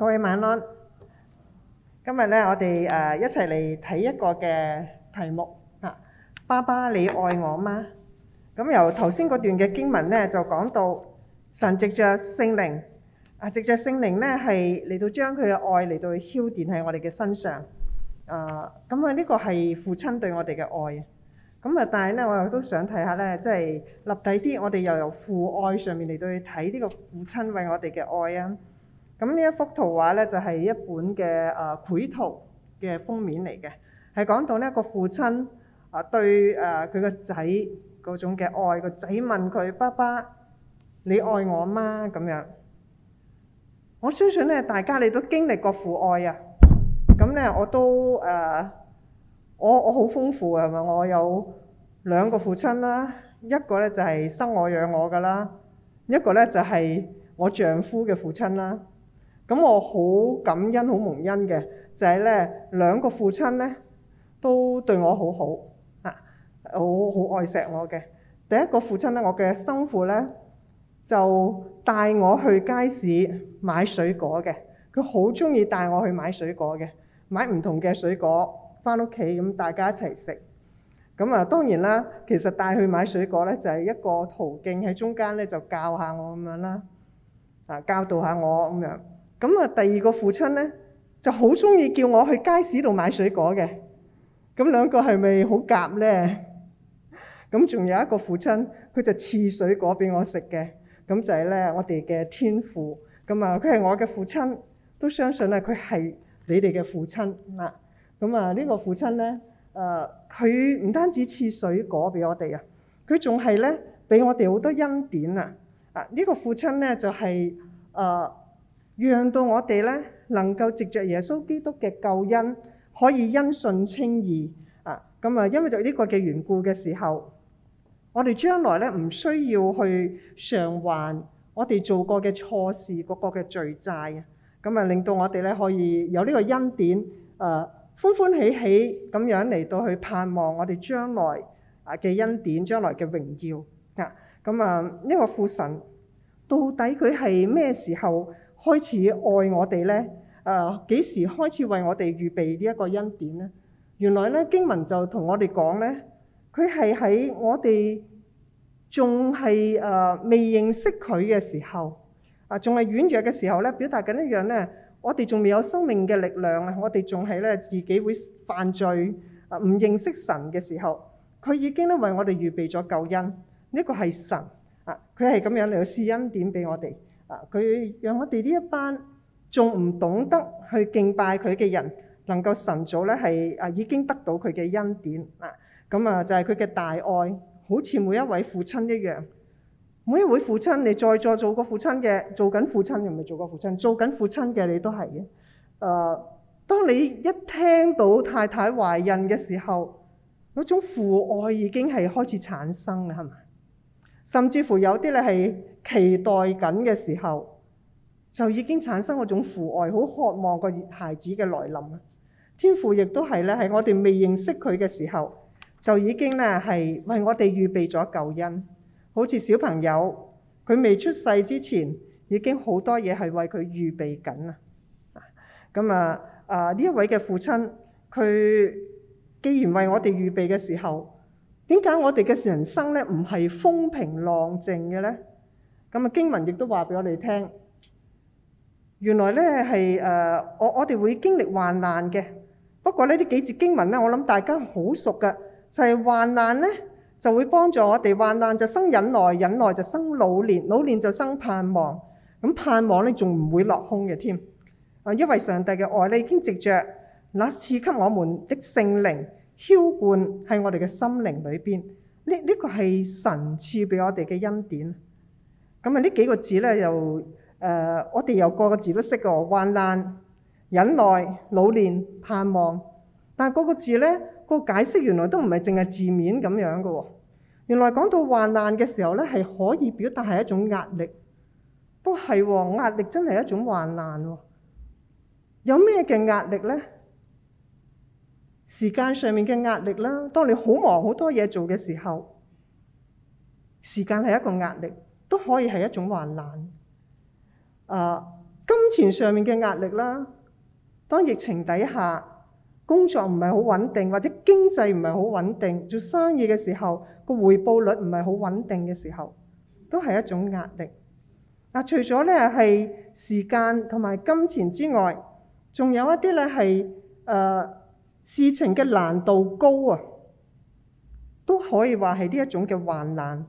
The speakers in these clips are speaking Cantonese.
各位晚安，今日咧我哋誒一齊嚟睇一個嘅題目啊，爸爸，你愛我嗎？咁、嗯、由頭先嗰段嘅經文咧就講到神藉著聖靈啊，藉著聖靈咧係嚟到將佢嘅愛嚟到去澆奠喺我哋嘅身上啊，咁啊呢個係父親對我哋嘅愛咁啊、嗯、但係咧我又都想睇下咧，即係立體啲，我哋又由父愛上面嚟到去睇呢個父親為我哋嘅愛啊。咁呢一幅圖畫咧，就係一本嘅啊繪圖嘅封面嚟嘅，係講到咧個父親啊對誒佢個仔嗰種嘅愛，個仔問佢爸爸，你愛我嗎？咁樣我相信咧，大家你都經歷過父愛啊。咁咧，我都誒，我我好豐富啊係嘛？我有兩個父親啦，一個咧就係生我養我噶啦，一個咧就係我丈夫嘅父親啦。咁我好感恩、好蒙恩嘅，就係咧兩個父親咧都對我好好啊，好好愛錫我嘅。第一個父親咧，我嘅生父咧就帶我去街市買水果嘅，佢好中意帶我去買水果嘅，買唔同嘅水果翻屋企咁大家一齊食。咁啊，當然啦，其實帶去買水果咧就係一個途徑喺中間咧就教下我咁樣啦，啊，教導下我咁樣。咁啊，第二個父親咧，就好中意叫我去街市度買水果嘅。咁兩個係咪好夾咧？咁仲有一個父親，佢就賜水果俾我食嘅。咁就係咧，我哋嘅天父。咁啊，佢係我嘅父親，都相信啊，佢係你哋嘅父親啦。咁啊，呢個父親咧，誒、呃，佢唔單止賜水果俾我哋啊，佢仲係咧俾我哋好多恩典啊！啊，呢個父親咧就係、是、誒。呃讓到我哋咧，能夠藉着耶穌基督嘅救恩，可以因信稱義啊！咁啊，因為就呢個嘅緣故嘅時候，我哋將來咧唔需要去償還我哋做過嘅錯事嗰個嘅罪債啊！咁啊，令到我哋咧可以有呢個恩典啊，歡歡喜喜咁樣嚟到去盼望我哋將來啊嘅恩典，將來嘅榮耀啊！咁啊，呢個父神到底佢係咩時候？開始愛我哋咧，啊、呃，幾時開始為我哋預備呢一個恩典咧？原來咧經文就同我哋講咧，佢係喺我哋仲係啊未認識佢嘅時候，啊仲係軟弱嘅時候咧，表達緊一樣咧，我哋仲未有生命嘅力量啊，我哋仲係咧自己會犯罪啊，唔認識神嘅時候，佢已經都為我哋預備咗救恩。呢個係神啊，佢係咁樣嚟施恩典俾我哋。佢讓我哋呢一班仲唔懂得去敬拜佢嘅人，能夠神早咧係啊已經得到佢嘅恩典啊！咁啊就係佢嘅大愛，好似每一位父親一樣。每一位父親，你在座做過父親嘅，做緊父親，又唔係做過父親；做緊父親嘅，你都係嘅。誒，當你一聽到太太懷孕嘅時候，嗰種父愛已經係開始產生啦，係嘛？甚至乎有啲咧係期待緊嘅時候，就已經產生嗰種父愛，好渴望個孩子嘅來臨。天父亦都係咧喺我哋未認識佢嘅時候，就已經咧係為我哋預備咗救恩。好似小朋友，佢未出世之前，已經好多嘢係為佢預備緊啦。咁啊啊呢一位嘅父親，佢既然為我哋預備嘅時候，點解我哋嘅人生呢唔係風平浪靜嘅呢？咁啊，經文亦都話俾我哋聽，原來呢係誒，我哋會經歷患難嘅。不過呢啲幾節經文呢，我諗大家好熟噶，就係患難呢就會幫助我哋。患難就生忍耐，忍耐就生老年，老年就生盼望。咁盼望呢仲唔會落空嘅添，因為上帝嘅愛呢已經藉著那賜給我們的聖靈。澆灌喺我哋嘅心靈裏邊，呢、這、呢個係神賜俾我哋嘅恩典。咁啊，呢幾個字咧，又誒、呃，我哋又個個字都識喎，患難、忍耐、老練、盼望。但係個個字咧，個解釋原來都唔係淨係字面咁樣嘅。原來講到患難嘅時候咧，係可以表達係一種壓力。都係、啊，壓力真係一種患難、啊。有咩嘅壓力咧？時間上面嘅壓力啦，當你好忙好多嘢做嘅時候，時間係一個壓力，都可以係一種患難。啊，金錢上面嘅壓力啦，當疫情底下工作唔係好穩定，或者經濟唔係好穩定，做生意嘅時候個回報率唔係好穩定嘅時候，都係一種壓力。嗱，啊，除咗呢係時間同埋金錢之外，仲有一啲呢係誒。事情嘅難度高啊，都可以話係呢一種嘅患難。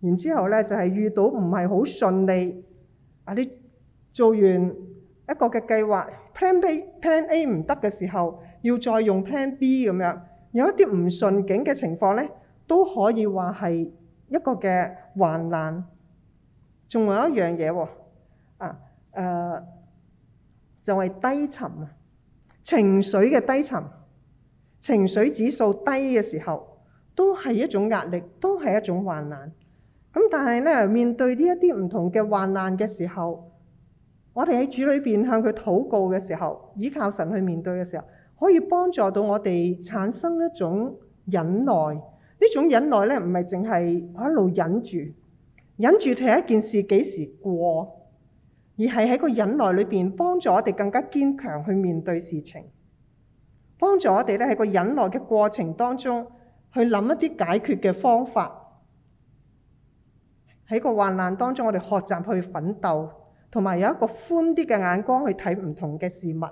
然之後呢，就係、是、遇到唔係好順利啊！你做完一個嘅計劃 plan B，plan A plan A 唔得嘅時候，要再用 plan B 咁樣，有一啲唔順境嘅情況呢，都可以話係一個嘅患難。仲有一樣嘢喎，啊誒、呃，就係、是、低沉啊，情緒嘅低沉。情緒指數低嘅時候，都係一種壓力，都係一種患難。咁但係咧，面對呢一啲唔同嘅患難嘅時候，我哋喺主裏邊向佢禱告嘅時候，依靠神去面對嘅時候，可以幫助到我哋產生一種忍耐。呢種忍耐咧，唔係淨係喺度忍住，忍住睇一件事幾時過，而係喺個忍耐裏邊幫助我哋更加堅強去面對事情。幫助我哋咧，喺個忍耐嘅過程當中，去諗一啲解決嘅方法。喺個患難當中，我哋學習去奮鬥，同埋有一個寬啲嘅眼光去睇唔同嘅事物。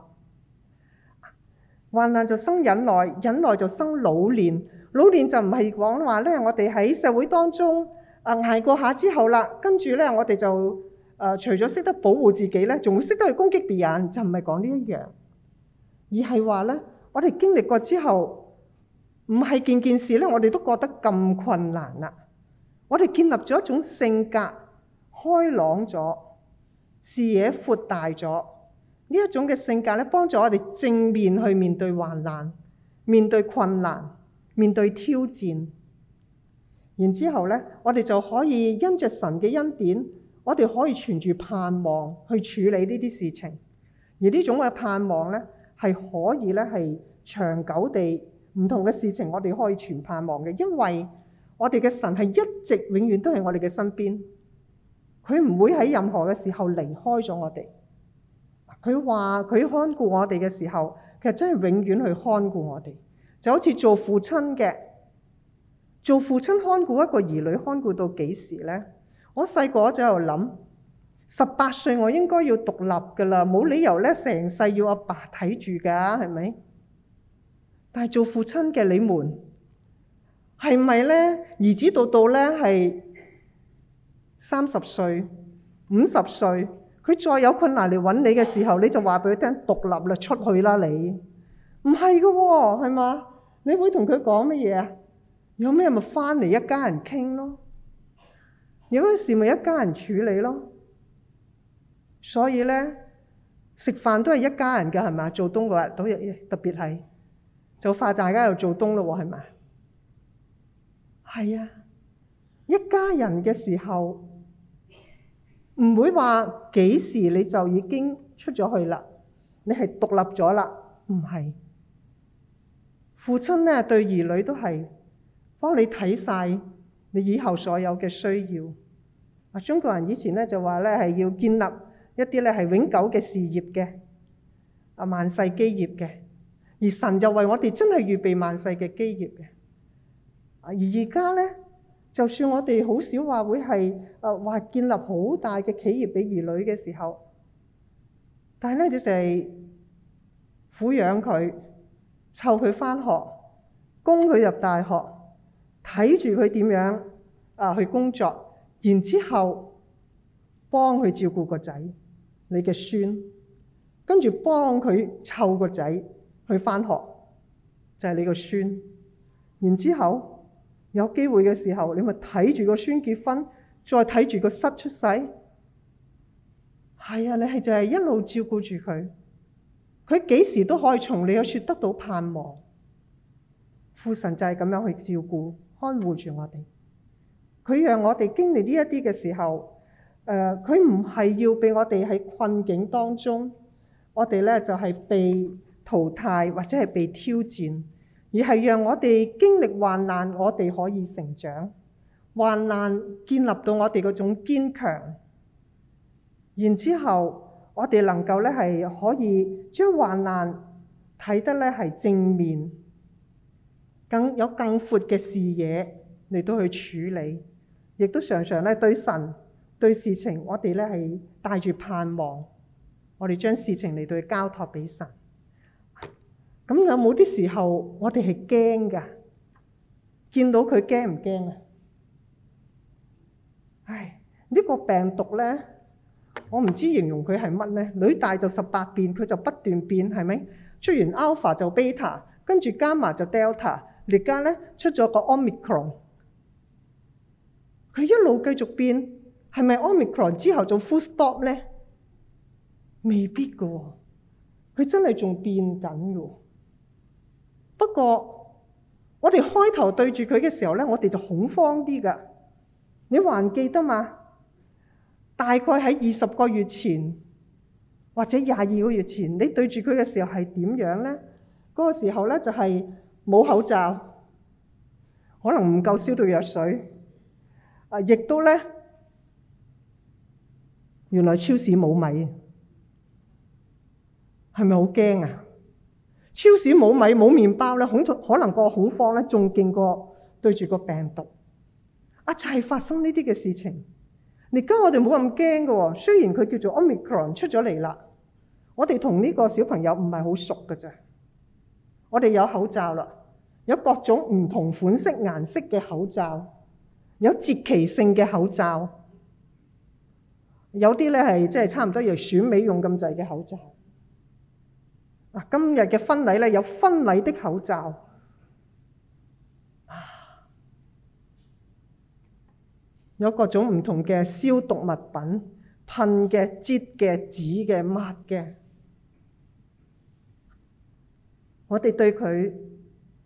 患難就生忍耐，忍耐就生老練，老練就唔係講話咧。我哋喺社會當中，誒、啊、捱過下之後啦，跟住咧我哋就誒、啊、除咗識得保護自己咧，仲會識得去攻擊別人，就唔係講呢一樣，而係話咧。我哋經歷過之後，唔係件件事咧，我哋都覺得咁困難啦，啊。我哋建立咗一種性格，開朗咗，視野闊大咗。呢一種嘅性格咧，幫助我哋正面去面對患難，面對困難，面對挑戰。然之後咧，我哋就可以因着神嘅恩典，我哋可以存住盼望去處理呢啲事情。而呢種嘅盼望咧，係可以咧，係長久地唔同嘅事情，我哋可以全盼望嘅。因為我哋嘅神係一直永遠都喺我哋嘅身邊，佢唔會喺任何嘅時候離開咗我哋。佢話佢看顧我哋嘅時候，其實真係永遠去看顧我哋，就好似做父親嘅，做父親看顧一個兒女，看顧到幾時咧？我細個就喺度諗。十八歲我應該要獨立噶啦，冇理由咧成世要阿爸睇住噶，係咪？但係做父親嘅你們係咪咧？兒子到到咧係三十歲、五十歲，佢再有困難嚟揾你嘅時候，你就話俾佢聽獨立啦，出去啦，你唔係噶喎，係嘛？你會同佢講乜嘢啊？有咩咪翻嚟一家人傾咯，有咩事咪一家人處理咯。所以咧，食飯都係一家人㗎，係咪？做冬嗰日都特別係，就快大家又做冬咯喎，係咪？係啊，一家人嘅時候，唔會話幾時你就已經出咗去啦？你係獨立咗啦，唔係。父親咧對兒女都係幫你睇晒你以後所有嘅需要。啊，中國人以前咧就話咧係要建立。一啲咧係永久嘅事業嘅，啊，萬世基業嘅，而神又為我哋真係預備萬世嘅基業嘅。而而家咧，就算我哋好少話會係啊，話建立好大嘅企業俾兒女嘅時候，但係咧就淨係撫養佢、湊佢返學、供佢入大學、睇住佢點樣啊，去工作，然之後幫佢照顧個仔。你嘅孫，跟住幫佢湊個仔去返學，就係你個孫。然之後有機會嘅時候，你咪睇住個孫結婚，再睇住個室出世。係啊，你係就係一路照顧住佢。佢幾時都可以從你嗰處得到盼望。父神就係咁樣去照顧、看護住我哋。佢讓我哋經歷呢一啲嘅時候。誒，佢唔係要俾我哋喺困境當中，我哋咧就係被淘汰或者係被挑戰，而係讓我哋經歷患難，我哋可以成長。患難建立到我哋嗰種堅強，然之後我哋能夠咧係可以將患難睇得咧係正面，更有更闊嘅視野嚟到去處理，亦都常常咧對神。對事情，我哋咧係帶住盼望，我哋將事情嚟到交託俾神。咁有冇啲時候我哋係驚噶？見到佢驚唔驚咧？唉，呢個病毒咧，我唔知形容佢係乜咧。女大就十八變，佢就不斷變，係咪？出完 alpha 就 beta，跟住 gamma 就 delta，而家咧出咗個 omicron，佢一路繼續變。係咪 Omicron 之後做 full stop 咧？未必噶，佢真係仲變緊噶。不過，我哋開頭對住佢嘅時候咧，我哋就恐慌啲噶。你還記得嘛？大概喺二十個月前，或者廿二個月前，你對住佢嘅時候係點樣咧？嗰個時候咧就係冇口罩，可能唔夠消毒藥水，啊，亦都咧。原來超市冇米，係咪好驚啊？超市冇米冇麵包咧，恐可能個恐慌咧，仲勁過對住個病毒。啊，就係、是、發生呢啲嘅事情。而家我哋冇咁驚嘅，雖然佢叫做 Omicron 出咗嚟啦，我哋同呢個小朋友唔係好熟嘅啫。我哋有口罩啦，有各種唔同款式顏色嘅口罩，有節期性嘅口罩。.有啲咧係即係差唔多要選美用咁滯嘅口罩啊！今日嘅婚禮咧，有婚禮的口罩。啊、有各種唔同嘅消毒物品噴嘅、摺嘅、紙嘅、抹嘅。我哋對佢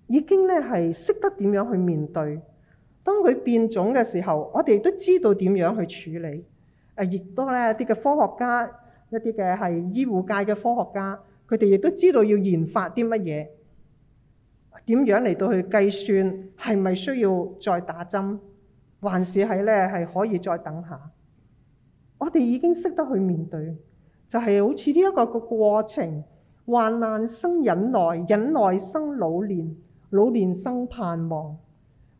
已經咧係識得點樣去面對。當佢變種嘅時候，我哋都知道點樣去處理。誒，亦多咧一啲嘅科學家，一啲嘅係醫護界嘅科學家，佢哋亦都知道要研發啲乜嘢，點樣嚟到去計算係咪需要再打針，還是係咧係可以再等下？我哋已經識得去面對，就係、是、好似呢一個個過程，患難生忍耐，忍耐生老練，老練生盼望。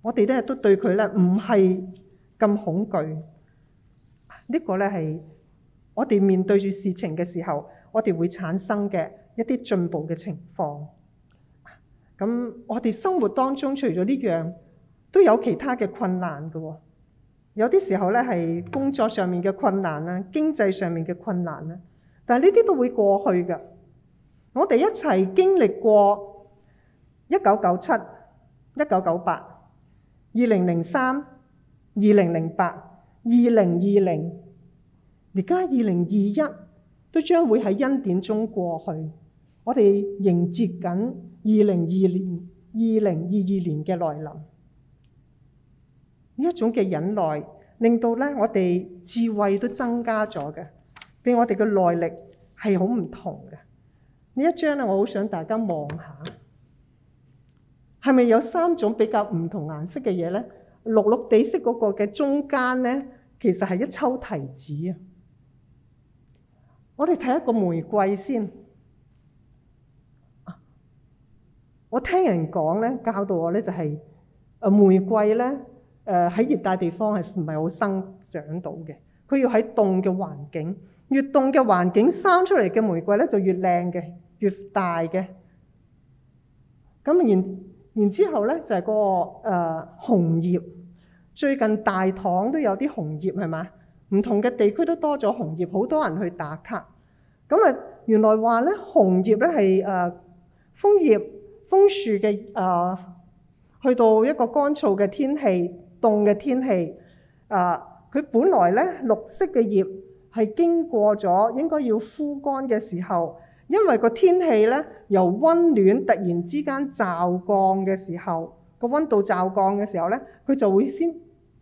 我哋咧都對佢咧唔係咁恐懼。呢個咧係我哋面對住事情嘅時候，我哋會產生嘅一啲進步嘅情況。咁我哋生活當中除咗呢樣，都有其他嘅困難㗎喎。有啲時候咧係工作上面嘅困難啦，經濟上面嘅困難啦，但係呢啲都會過去㗎。我哋一齊經歷過一九九七、一九九八、二零零三、二零零八。二零二零，而家二零二一都將會喺恩典中過去。我哋迎接緊二零二零年、二零二二年嘅來臨。呢一種嘅忍耐，令到咧我哋智慧都增加咗嘅，俾我哋嘅耐力係好唔同嘅。呢一張咧，我好想大家望下，係咪有三種比較唔同顏色嘅嘢咧？綠綠地色嗰個嘅中間咧，其實係一抽提子啊！我哋睇一個玫瑰先。我聽人講咧，教導我咧就係，誒玫瑰咧，誒喺熱帶地方係唔係好生長到嘅？佢要喺凍嘅環境，越凍嘅環境生出嚟嘅玫瑰咧就越靚嘅，越大嘅。咁然然之後咧，就係嗰個誒紅葉。最近大棠都有啲紅葉係嘛？唔同嘅地區都多咗紅葉，好多人去打卡。咁啊，原來話咧紅葉咧係誒楓葉、楓樹嘅誒，去到一個乾燥嘅天氣、凍嘅天氣，啊、呃，佢本來咧綠色嘅葉係經過咗應該要枯乾嘅時候，因為個天氣咧由温暖突然之間驟降嘅時候，個温度驟降嘅時候咧，佢就會先。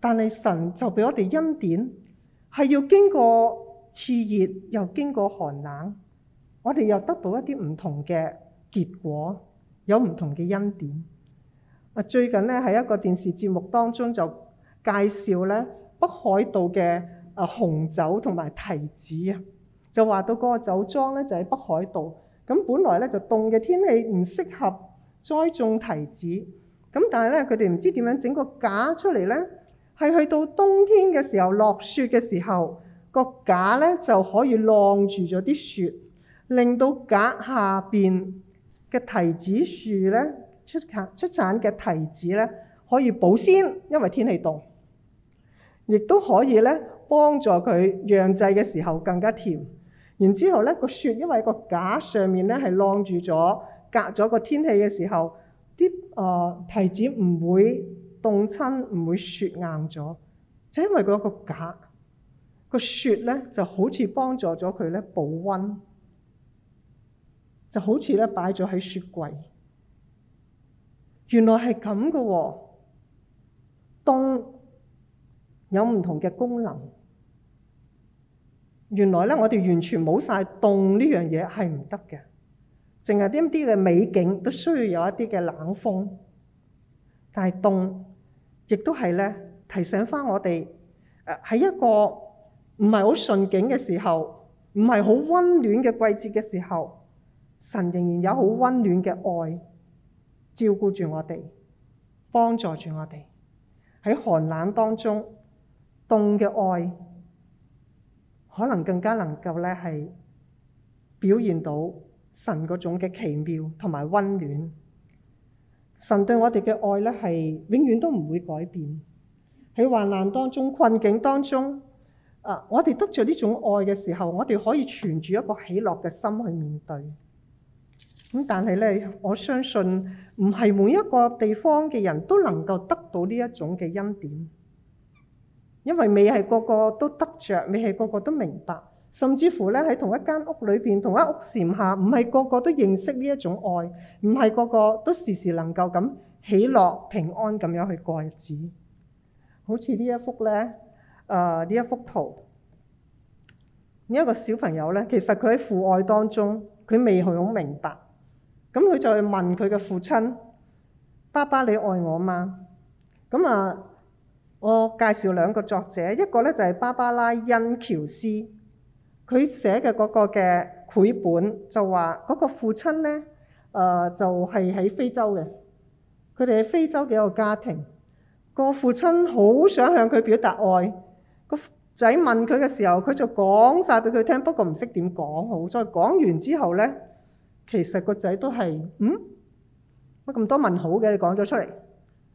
但係神就俾我哋恩典，係要經過熾熱，又經過寒冷，我哋又得到一啲唔同嘅結果，有唔同嘅恩典。啊，最近咧喺一個電視節目當中就介紹咧北海道嘅啊紅酒同埋提子啊，就話到嗰個酒莊咧就喺北海道，咁本來咧就凍嘅天氣唔適合栽種提子，咁但係咧佢哋唔知點樣整個架出嚟咧。係去到冬天嘅時候，落雪嘅時候，個架咧就可以晾住咗啲雪，令到架下邊嘅提子樹咧出產出產嘅提子咧可以保鮮，因為天氣凍，亦都可以咧幫助佢釀製嘅時候更加甜。然之後咧個雪，因為個架上面咧係晾住咗隔咗個天氣嘅時候，啲啊提子唔會凍親唔會雪硬咗，就因為嗰個架，個雪咧就好似幫助咗佢咧保温，就好似咧擺咗喺雪櫃。原來係咁嘅喎，凍有唔同嘅功能。原來咧，我哋完全冇晒凍呢樣嘢係唔得嘅，淨係啲啲嘅美景都需要有一啲嘅冷風，但係凍。亦都係咧提醒翻我哋，喺一個唔係好順境嘅時候，唔係好温暖嘅季節嘅時候，神仍然有好温暖嘅愛照顧住我哋，幫助住我哋。喺寒冷當中，凍嘅愛可能更加能夠咧係表現到神嗰種嘅奇妙同埋温暖。神對我哋嘅愛咧，係永遠都唔會改變。喺患難當中、困境當中，啊，我哋得着呢種愛嘅時候，我哋可以存住一個喜樂嘅心去面對。咁但係咧，我相信唔係每一個地方嘅人都能夠得到呢一種嘅恩典，因為未係個個都得着，未係個個都明白。甚至乎咧喺同一間屋裏邊，同一屋檐下，唔係個個都認識呢一種愛，唔係個個都時時能夠咁喜樂平安咁樣去過日子。好似呢一幅咧，誒、呃、呢一幅圖，呢一個小朋友咧，其實佢喺父愛當中，佢未去好明白。咁佢就去問佢嘅父親：爸爸，你愛我嗎？咁啊，我介紹兩個作者，一個咧就係芭芭拉恩喬斯。佢寫嘅嗰個嘅繪本就話嗰個父親咧，誒、呃、就係、係、喺非洲嘅，佢哋係非洲嘅一個家庭。個父親好想向佢表達愛，個仔問佢嘅時候，佢就講晒俾佢聽，不過唔識點講好。再講完之後咧，其實個仔都係嗯乜咁多問號嘅，你講咗出嚟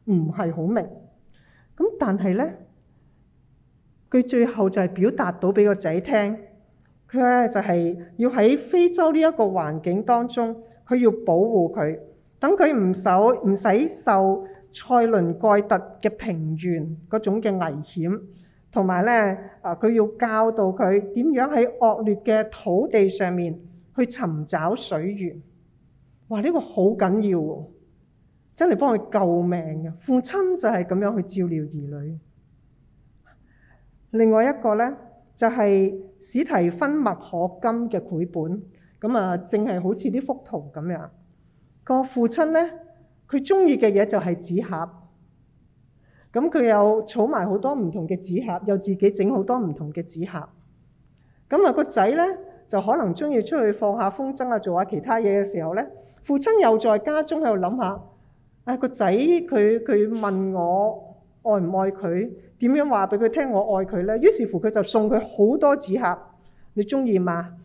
唔係好明。咁但係咧，佢最後就係表達到俾個仔聽。佢咧就係要喺非洲呢一個環境當中，佢要保護佢，等佢唔受唔使受塞倫蓋特嘅平原嗰種嘅危險，同埋咧啊，佢要教導佢點樣喺惡劣嘅土地上面去尋找水源。哇！呢、呢個好緊要喎、啊，真係幫佢救命嘅、啊、父親就係咁樣去照料兒女。另外一個咧就係、係。史提芬麥可金嘅繪本，咁啊，淨係好似啲幅圖咁樣。個父親咧，佢中意嘅嘢就係紙盒，咁佢又儲埋好多唔同嘅紙盒，又自己整好多唔同嘅紙盒。咁、那、啊、個，個仔咧就可能中意出去放下風箏啊，做下其他嘢嘅時候咧，父親又在家中喺度諗下，啊、哎、個仔佢佢問我，愛唔愛佢？點樣話畀佢聽？我愛佢呢？於是乎，佢就送佢好多紙盒。你鍾意嘛？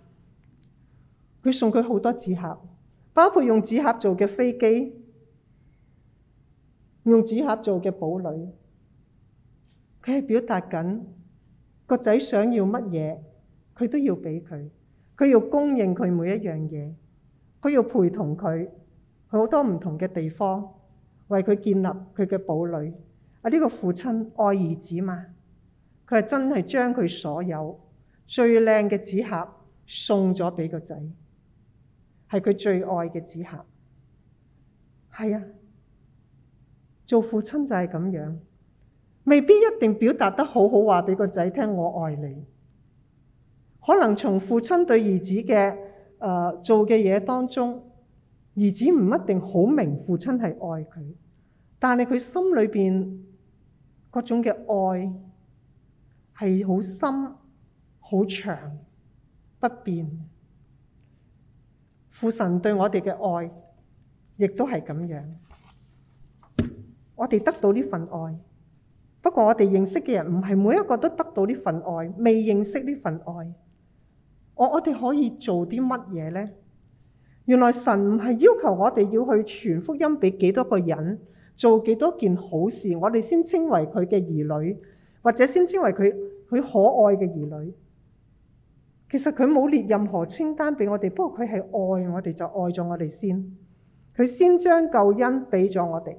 佢送佢好多紙盒，包括用紙盒做嘅飛機，用紙盒做嘅堡壘。佢係表達緊個仔想要乜嘢，佢都要畀佢。佢要供應佢每一樣嘢，佢要陪同佢去好多唔同嘅地方，為佢建立佢嘅堡壘。呢個父親愛兒子嘛？佢係真係將佢所有最靚嘅紙盒送咗俾個仔，係佢最愛嘅紙盒。係啊，做父親就係咁樣，未必一定表達得好好話俾個仔聽我愛你。可能從父親對兒子嘅誒、呃、做嘅嘢當中，兒子唔一定好明父親係愛佢，但係佢心裏邊。各種嘅愛係好深、好長、不變。父神對我哋嘅愛亦都係咁樣。我哋得到呢份愛，不過我哋認識嘅人唔係每一個都得到呢份愛，未認識呢份愛。哦，我哋可以做啲乜嘢呢？原來神唔係要求我哋要去傳福音畀幾多個人。做幾多件好事，我哋先稱為佢嘅兒女，或者先稱為佢，佢可愛嘅兒女。其實佢冇列任何清單俾我哋，不過佢係愛我哋，就愛咗我哋先。佢先將救恩俾咗我哋，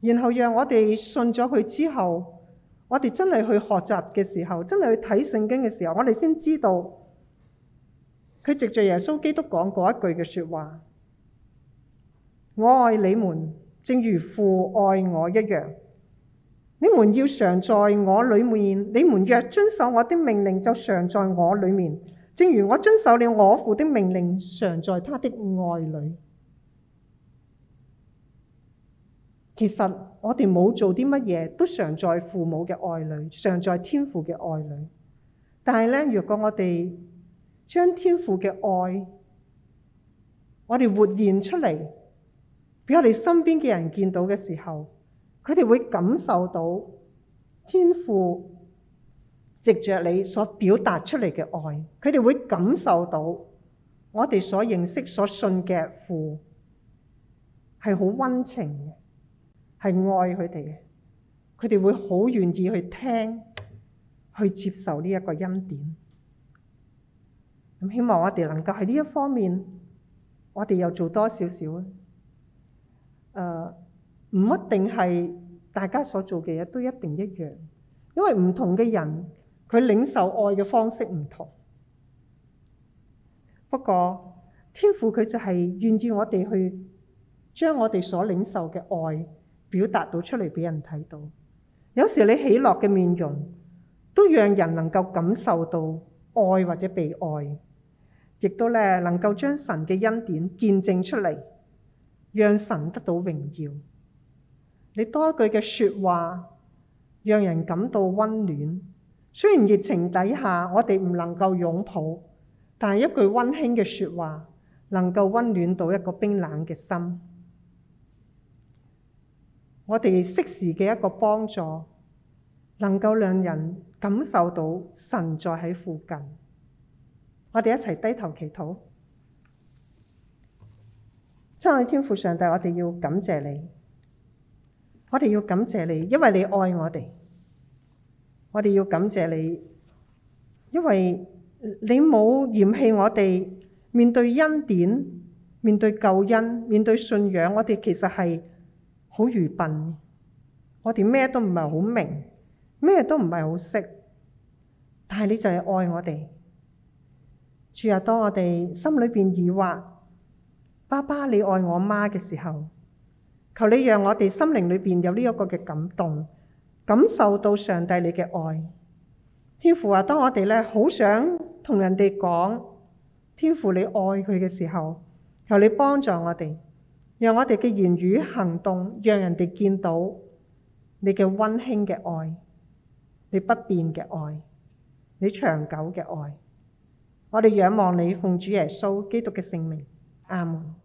然後讓我哋信咗佢之後，我哋真係去學習嘅時候，真係去睇聖經嘅時候，我哋先知道佢藉着耶穌基督講過一句嘅說話。我愛你們，正如父愛我一樣。你們要常在我裏面。你們若遵守我的命令，就常在我裏面。正如我遵守了我父的命令，常在他的愛裏。其實我哋冇做啲乜嘢，都常在父母嘅愛裏，常在天父嘅愛裏。但係呢，如果我哋將天父嘅愛，我哋活現出嚟。俾我哋身邊嘅人見到嘅時候，佢哋會感受到天父藉着你所表達出嚟嘅愛，佢哋會感受到我哋所認識、所信嘅父係好溫情嘅，係愛佢哋嘅，佢哋會好願意去聽、去接受呢一個恩典。咁希望我哋能夠喺呢一方面，我哋又做多少少啊！唔、uh, 一定係大家所做嘅嘢都一定一樣，因為唔同嘅人佢領受愛嘅方式唔同。不過天父佢就係願意我哋去將我哋所領受嘅愛表達到出嚟俾人睇到。有時你喜樂嘅面容都讓人能夠感受到愛或者被愛，亦都咧能夠將神嘅恩典見證出嚟，讓神得到榮耀。你多一句嘅說話，讓人感到溫暖。雖然疫情底下，我哋唔能夠擁抱，但係一句溫馨嘅說話，能夠溫暖到一個冰冷嘅心。我哋適時嘅一個幫助，能夠讓人感受到神在喺附近。我哋一齊低頭祈禱。真係天父上帝，我哋要感謝你，我哋要感謝你，因為你愛我哋，我哋要感謝你，因為你冇嫌棄我哋。面對恩典，面對救恩，面對信仰，我哋其實係好愚笨，我哋咩都唔係好明，咩都唔係好識，但係你就係愛我哋，主啊！當我哋心裏邊疑惑，爸爸，你愛我嗎？嘅時候，求你讓我哋心靈裏邊有呢一個嘅感動，感受到上帝你嘅愛。天父啊，當我哋咧好想同人哋講，天父你愛佢嘅時候，求你幫助我哋，讓我哋嘅言語行動，讓人哋見到你嘅温馨嘅愛，你不變嘅愛，你長久嘅愛。我哋仰望你奉主耶穌基督嘅聖名，阿門。